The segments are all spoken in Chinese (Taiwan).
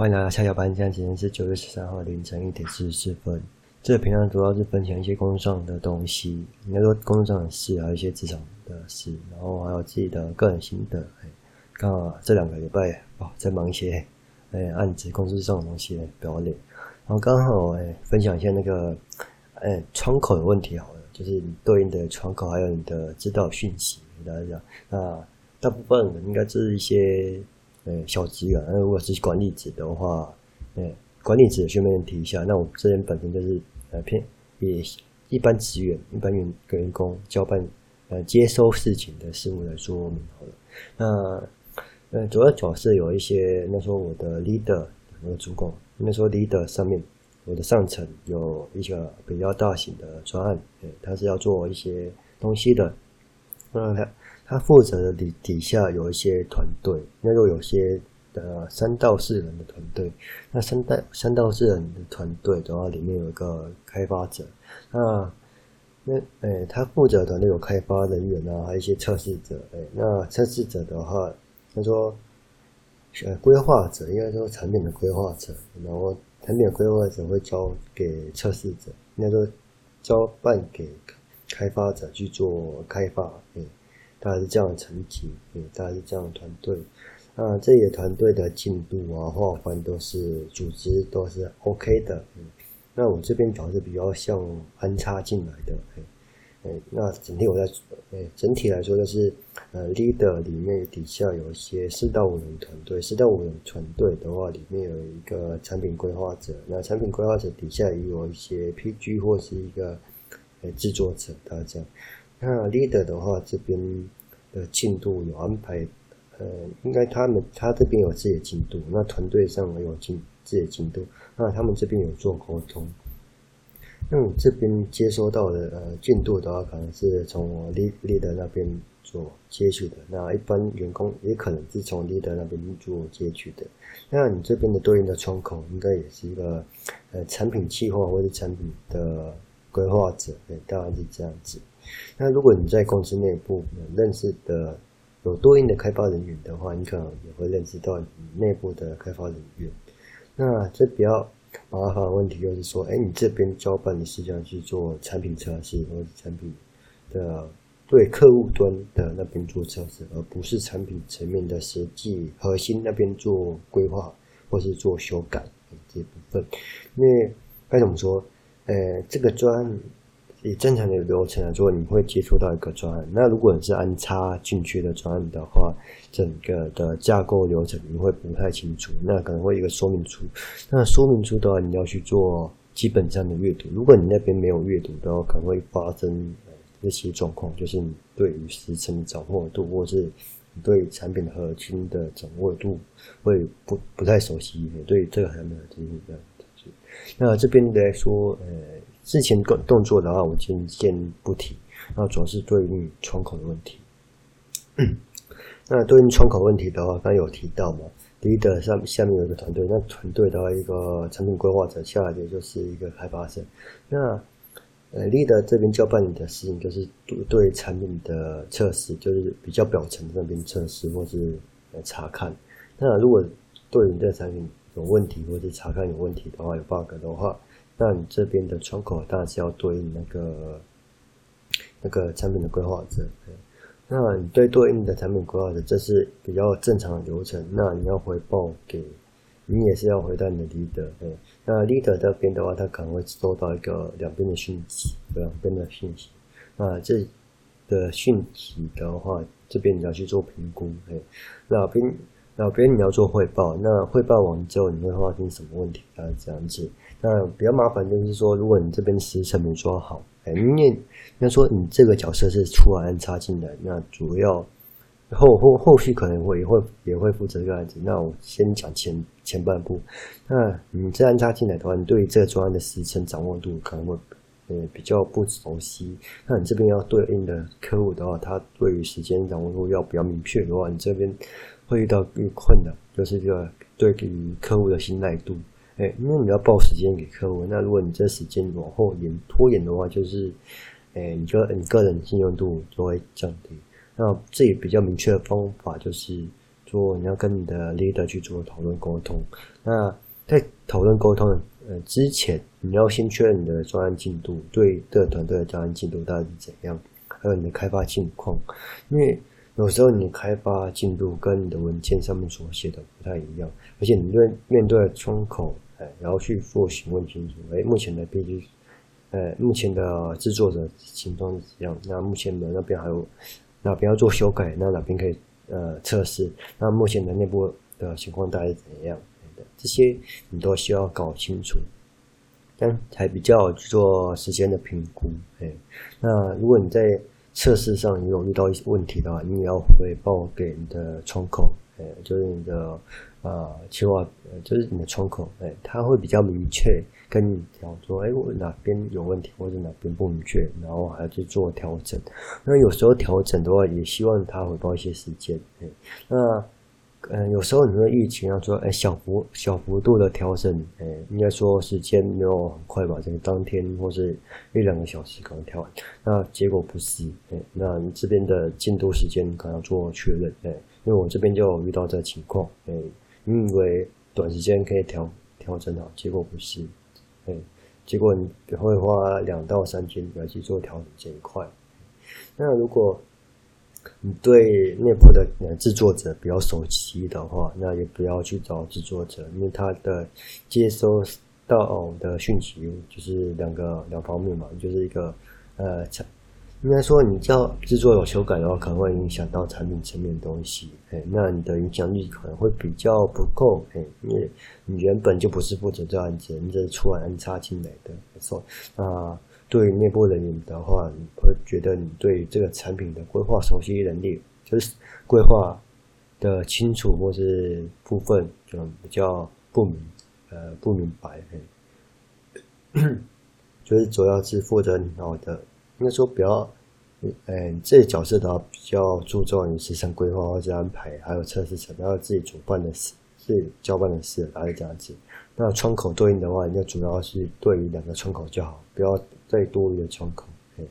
歡迎大家，夏小班。今天時間是九月十三號凌晨一點四十四分。這個頻道主要是分享一些工作上的東西，應該說工作上的事還、啊、有一些職場的事，然後還有自己的個人心得。哎、剛好這兩個禮拜哦，在忙一些、哎、案子、工作上的東西，不要累。然後剛好、哎、分享一下那個哎窗口的問題，好了，就是你對應的窗口還有你的知道訊息，你大家啊，那大部分應該是一些。呃、欸，小職員。那如果是管理者的話，呃、欸，管理者順便提一下，那我這邊本身就是呃偏也一般職員、一般員員工交辦呃接收事情的事務來說明、嗯、好了。那呃主要主要是有一些，那時候我的 leader 我的主管，那時候 leader 上面我的上層有一個比較大型的專案，呃、欸，他是要做一些東西的。那他他負責的底底下有一些團隊，那又有些呃三到四人的團隊。那三到三到四人的團隊的話，裡面有一個開發者。那那誒，他負責的團隊有開發人員啊，還有一些測試者。誒，那測試者的話，他說規劃者，應該說產品的規劃者，然後產品的規劃者會交給測試者，那說交辦給。開發者去做開發，嗯、哎，大概是這樣的層級，嗯、哎，大概是這樣的團隊，那這些團隊的進度啊、劃分都是組織都是 OK 的，嗯，那我這邊主要是比較像安插進來的哎，哎，那整體我在，哎，整體來說就是，呃，leader 裡面底下有一些四到五人團隊，四到五人團隊的話，裡面有一個產品規劃者，那產品規劃者底下也有一些 PG 或是一個。呃，製作者大家，那 leader 的話，這邊的進度有安排，呃，應該他們他這邊有自己的進度，那團隊上有進自己的進度，那他們這邊有做溝通。那你這邊接收到的呃進度的話，可能是從 leader 那邊做接取的，那一般員工也可能是從 leader 那邊做接取的。那你這邊的對應的窗口，應該也是一個呃產品企劃，或者產品的。規劃者，對，當然是這樣子。那如果你在公司內部認識的有對應的開發人員的話，你可能也會認識到你內部的開發人員。那這比較麻煩的問題，就是說，哎，你這邊交辦你是要去做產品測試，或者是產品的對客戶端的那邊做測試，而不是產品層面的實際核心那邊做規劃或是做修改這部分。那該怎麼說？呃，這個專以正常的流程來說，你會接觸到一個專案。那如果你是安插進去的專案的話，整個的架構流程你會不太清楚。那可能會一個說明書，那說明書的話，你要去做基本上的閱讀。如果你那邊沒有閱讀的話，可能會發生一些狀況，就是你對於時程的掌握度或是你對產品的核心的掌握度會不不太熟悉。對，這個還有沒有資訊？那這邊來說，呃，之前動動作的話，我先先不提，那主要是對應窗口的問題。嗯，那對應窗口問題的話，剛剛有提到嘛，leader 下下面有一個團隊，那團隊的話，一個產品規劃者下來的就是一個開發者。那呃，leader 這邊交辦你的事情，就是對產品的測試，就是比較表層的那邊測試或是來查看。那如果對應的產品，有問題或者查看有問題的話，有 bug 的話，那你這邊的窗口當然是要對應那個那個產品的規劃者。那你對對應的產品規劃者，這是比較正常的流程。那你要回報給，你也是要回到你的 leader。哎，那 leader 這邊的話，他可能會收到一個兩邊的訊息，兩邊的訊息。那這的訊息的話，這邊你要去做評估。哎，那邊。那別人你要做匯報，那匯報完之後你會發現什麼問題啊，這樣子，那比較麻煩就是說，如果你這邊時程沒抓好，哎，念那說你這個角色是突然安插進來，那主要後後後續可能會也會也會負責這個案子。那我先講前前半部，那你這安插進來的話，你對於這個專案的時程掌握度可能會呃比較不熟悉。那你這邊要對應的客戶的話，他對於時間掌握度要比較明確的話，你這邊。會遇到一個困難，就是這個對給客戶的信賴度。哎，因為你要報時間給客戶，那如果你這時間往後延拖延的話，就是，哎，你就你個人信用度就會降低。那這也比較明確的方法，就是說你要跟你的 leader 去做討論溝通。那在討論溝通呃之前，你要先確認你的專案進度，對的團隊的專案進度到底怎樣，還有你的開發情況，因為。有時候你開發進度跟你的文件上面所寫的不太一樣，而且你對面對的窗口，哎，然後去做詢問清楚，哎，目前的必須，呃、哎，目前的製作者情況是怎樣？那目前的那邊還有，哪邊要做修改？那哪邊可以呃測試？那目前的內部的情況大概怎樣，哎？這些你都需要搞清楚，這樣才比較去做時間的評估，哎，那如果你在。測試上你有遇到一些問題的話，你也要回報給你的窗口，哎、就是你的啊企、呃、劃，就是你的窗口，哎、它，他會比較明確跟你講說，哎，我哪邊有問題或者哪邊不明確，然後還要去做調整。那有時候調整的話，也希望他回報一些時間，哎、那。嗯，有時候你說疫情啊，說哎小幅小幅度的調整，哎，應該說時間沒有很快吧？這個當天或是一兩個小時可能調完，那結果不是，哎，那你這邊的進度時間可能要做確認，哎，因為我這邊就遇到這個情況，哎，你以為短時間可以調調整的，結果不是，哎，結果你會花兩到三天來去做調整這一塊，那如果。你對內部的製作者比較熟悉的話，那也不要去找製作者，因為他的接收到的訊息就是兩個兩方面嘛，就是一個呃，應該說你叫製作有修改的話，可能會影響到產品層面的東西，哎，那你的影響力可能會比較不夠，誒，哎，因為你原本就不是負責這案子，你這是突然安插進來的，啊。呃對於內部人員的話，你會覺得你對這個產品的規劃熟悉能力，就是規劃的清楚，或是部分就比較不明，呃，不明白。哎、 就是主要是負責領導的，那時候比較，嗯、哎，這角色的話比較注重於時程規劃或者是安排，還有測試什麼要自己主辦的事，自己交辦的事，還是這樣子。那窗口對應的話，你就主要是對於兩個窗口就好，不要。最多的窗口，哎，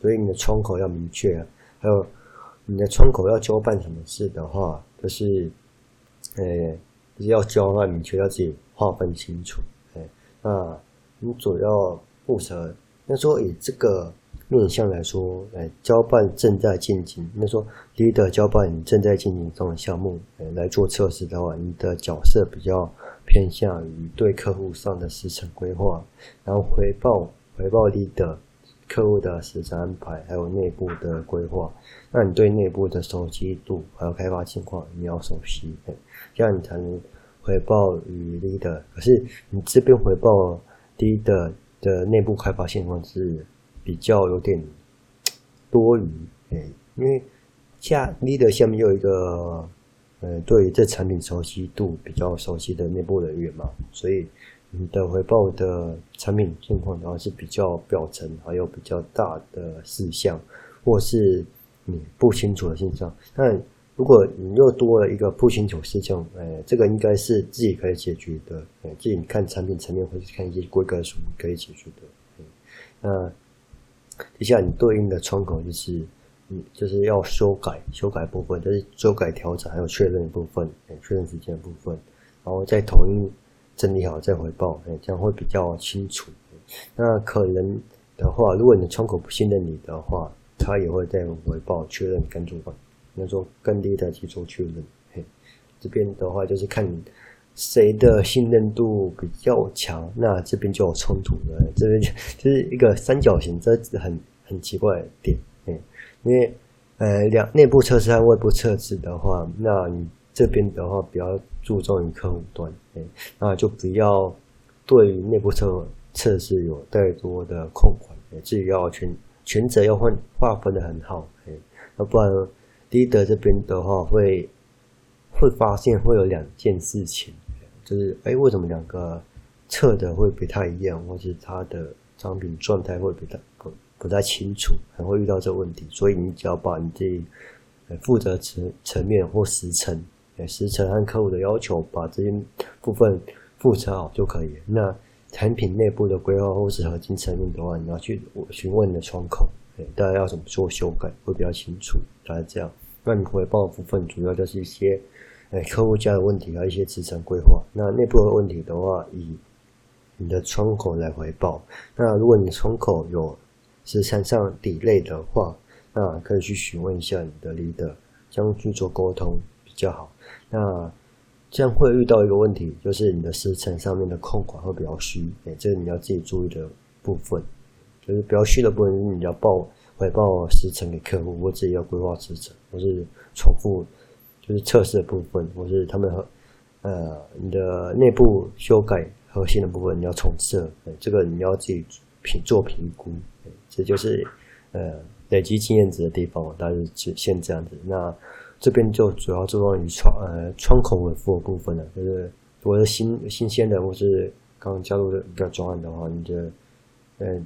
所以你的窗口要明確啊，還有你的窗口要交辦什麼事的話，就是，哎、欸，就是，要交那明確要自己劃分清楚，哎，那你主要負責。那說以這個面向來說，哎、欸，交辦正在進行，那說 leader 交辦你正在進行這種項目，欸，來做測試的話，你的角色比較偏向於對客戶上的時程規劃，然後回報回報 leader, 客戶的時程安排，還有內部的規劃，那你對內部的熟悉度還有開發情況，你要熟悉，這樣你才能回報與 leader。可是你這邊回報 leader 的內部開發情況是比較有點多餘，因為下 leader 下面有一個呃對於這產品熟悉度比較熟悉的內部人員嘛，所以。你的回報的產品狀況，的話是比較表層，還有比較大的事項，或是你、嗯、不清楚的現象，那如果你又多了一個不清楚的事項，呃、哎，這個應該是自己可以解決的，呃、哎，自己看產品層面或者看一些規格的時候可以解決的。嗯，那接下來你對應的窗口就是，嗯，就是要修改修改部分，就是修改調整還有確認部分、哎，確認時間部分，然後在同一。整理好再回報，哎，這樣會比較清楚。那可能的話，如果你的窗口不信任你的話，他也會再回報確認跟主管，那做更低的去做確認。嘿，這邊的話就是看你誰的信任度比較強，那這邊就有衝突了。這邊就是一個三角形，這是很很奇怪的點，因為呃兩內部測試和外部測試的話，那。你。這邊的話比較注重於客戶端，那就不要對內部測測試有太多的控管，自己要全全責要分劃分的很好，要不然低的這邊的話會會發現會有兩件事情，就是哎、欸，為什麼兩個測的會不太一樣，或是它的商品狀態會不太不不太清楚，還會遇到這個問題，所以你只要把你自己負責層層面或時程。誒，時程按客戶的要求把這些部分複查好就可以。那產品內部的規劃或是核心層面的話，你要去詢問你的窗口，誒，大家要怎麼做修改會比較清楚。大概這樣，那你回報的部分主要就是一些誒客戶家的問題啊，要一些時程規劃。那內部的問題的話，以你的窗口來回報。那如果你窗口有時程上 delay 的話，那可以去詢問一下你的 leader，相互去做溝通。較好，那這樣會遇到一個問題，就是你的時程上面的控管會比較虛，哎，這個你要自己注意的部分，就是比較虛的部分，是你要報回報時程給客戶，我自己要規劃時程，我是重複就是測試的部分，或是他們呃你的內部修改核心的部分，你要重測，哎，這個你要自己評做評估，哎，這就是呃累積經驗值的地方，大概就先這樣子，那。這邊就主要注重於窗呃窗口維護的部分了，啊，就是如果是新新鮮的或是剛加入的比較專業的話，你就嗯、欸、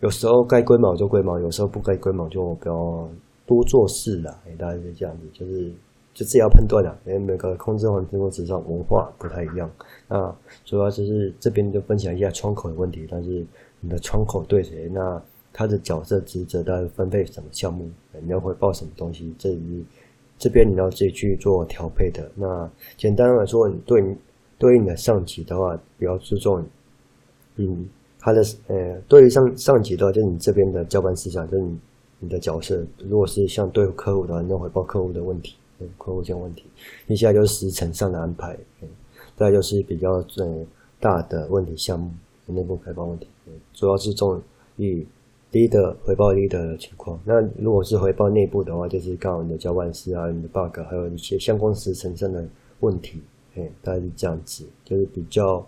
有時候該龜毛就龜毛，有時候不該龜毛就不要多做事了。誒、欸，大概是這樣子，就是，就是就是要判斷了，因、欸、為每個控制方，分公司上文化不太一樣。那主要就是這邊就分享一下窗口的問題，但是你的窗口對誰？那他的角色職責，他分配什麼項目？欸、你要匯報什麼東西？這一。這邊你要自己去做調配的。那簡單來說，你對對應你的上級的話，比較注重，嗯，他的呃，對於上上級的話，就是你這邊的交辦事項，就是你你的角色，如果是像對客戶的話，要回報客戶的問題，客戶件問題，接下來就是時程上的安排、嗯，再就是比較呃、嗯、大的問題項目，內部開發問題，嗯、主要注重嗯。leader 回報 leader 的情況，那如果是回報內部的話，就是剛好你的交換時啊、你的 bug，還有一些相關時程上的問題，嘿、哎，大概是這樣子，就是比較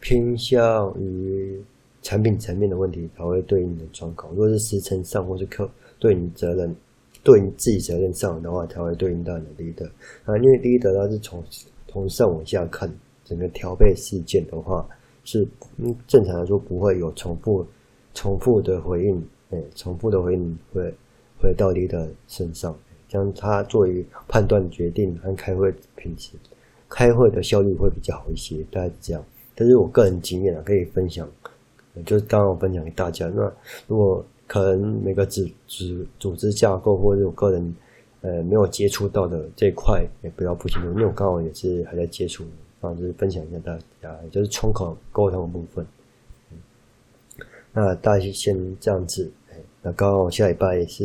偏向於產品層面的問題才會對應的窗口。如果是時程上或是客對你責任對你自己責任上的話，才會對應到你的 leader 啊，因為 leader 它是從從上往下看整個調配事件的話，是嗯正常來說不會有重複。重複的回應，哎，重複的回應會回到你的身上，將它作為判斷、決定和開會品質、開會的效率會比較好一些，大概是這樣。但是我個人經驗啊，可以分享，呃、就是剛剛我分享給大家。那如果可能每個組組組織架構或者我個人呃沒有接觸到的這一塊，也不要不清楚，因為我剛好也是還在接觸，剛好就是分享一下大家，就是窗口溝通的部分。那大家先這樣子。那剛好下禮拜是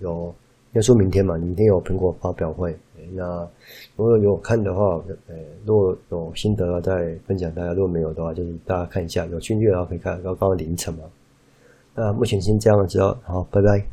有要說明天嘛？明天有蘋果發表會。那如果有看的話，呃，如果有心得再分享大家。如果沒有的話，就是大家看一下。有興趣的話可以看，剛好凌晨嘛。那目前先這樣子哦。好，拜拜。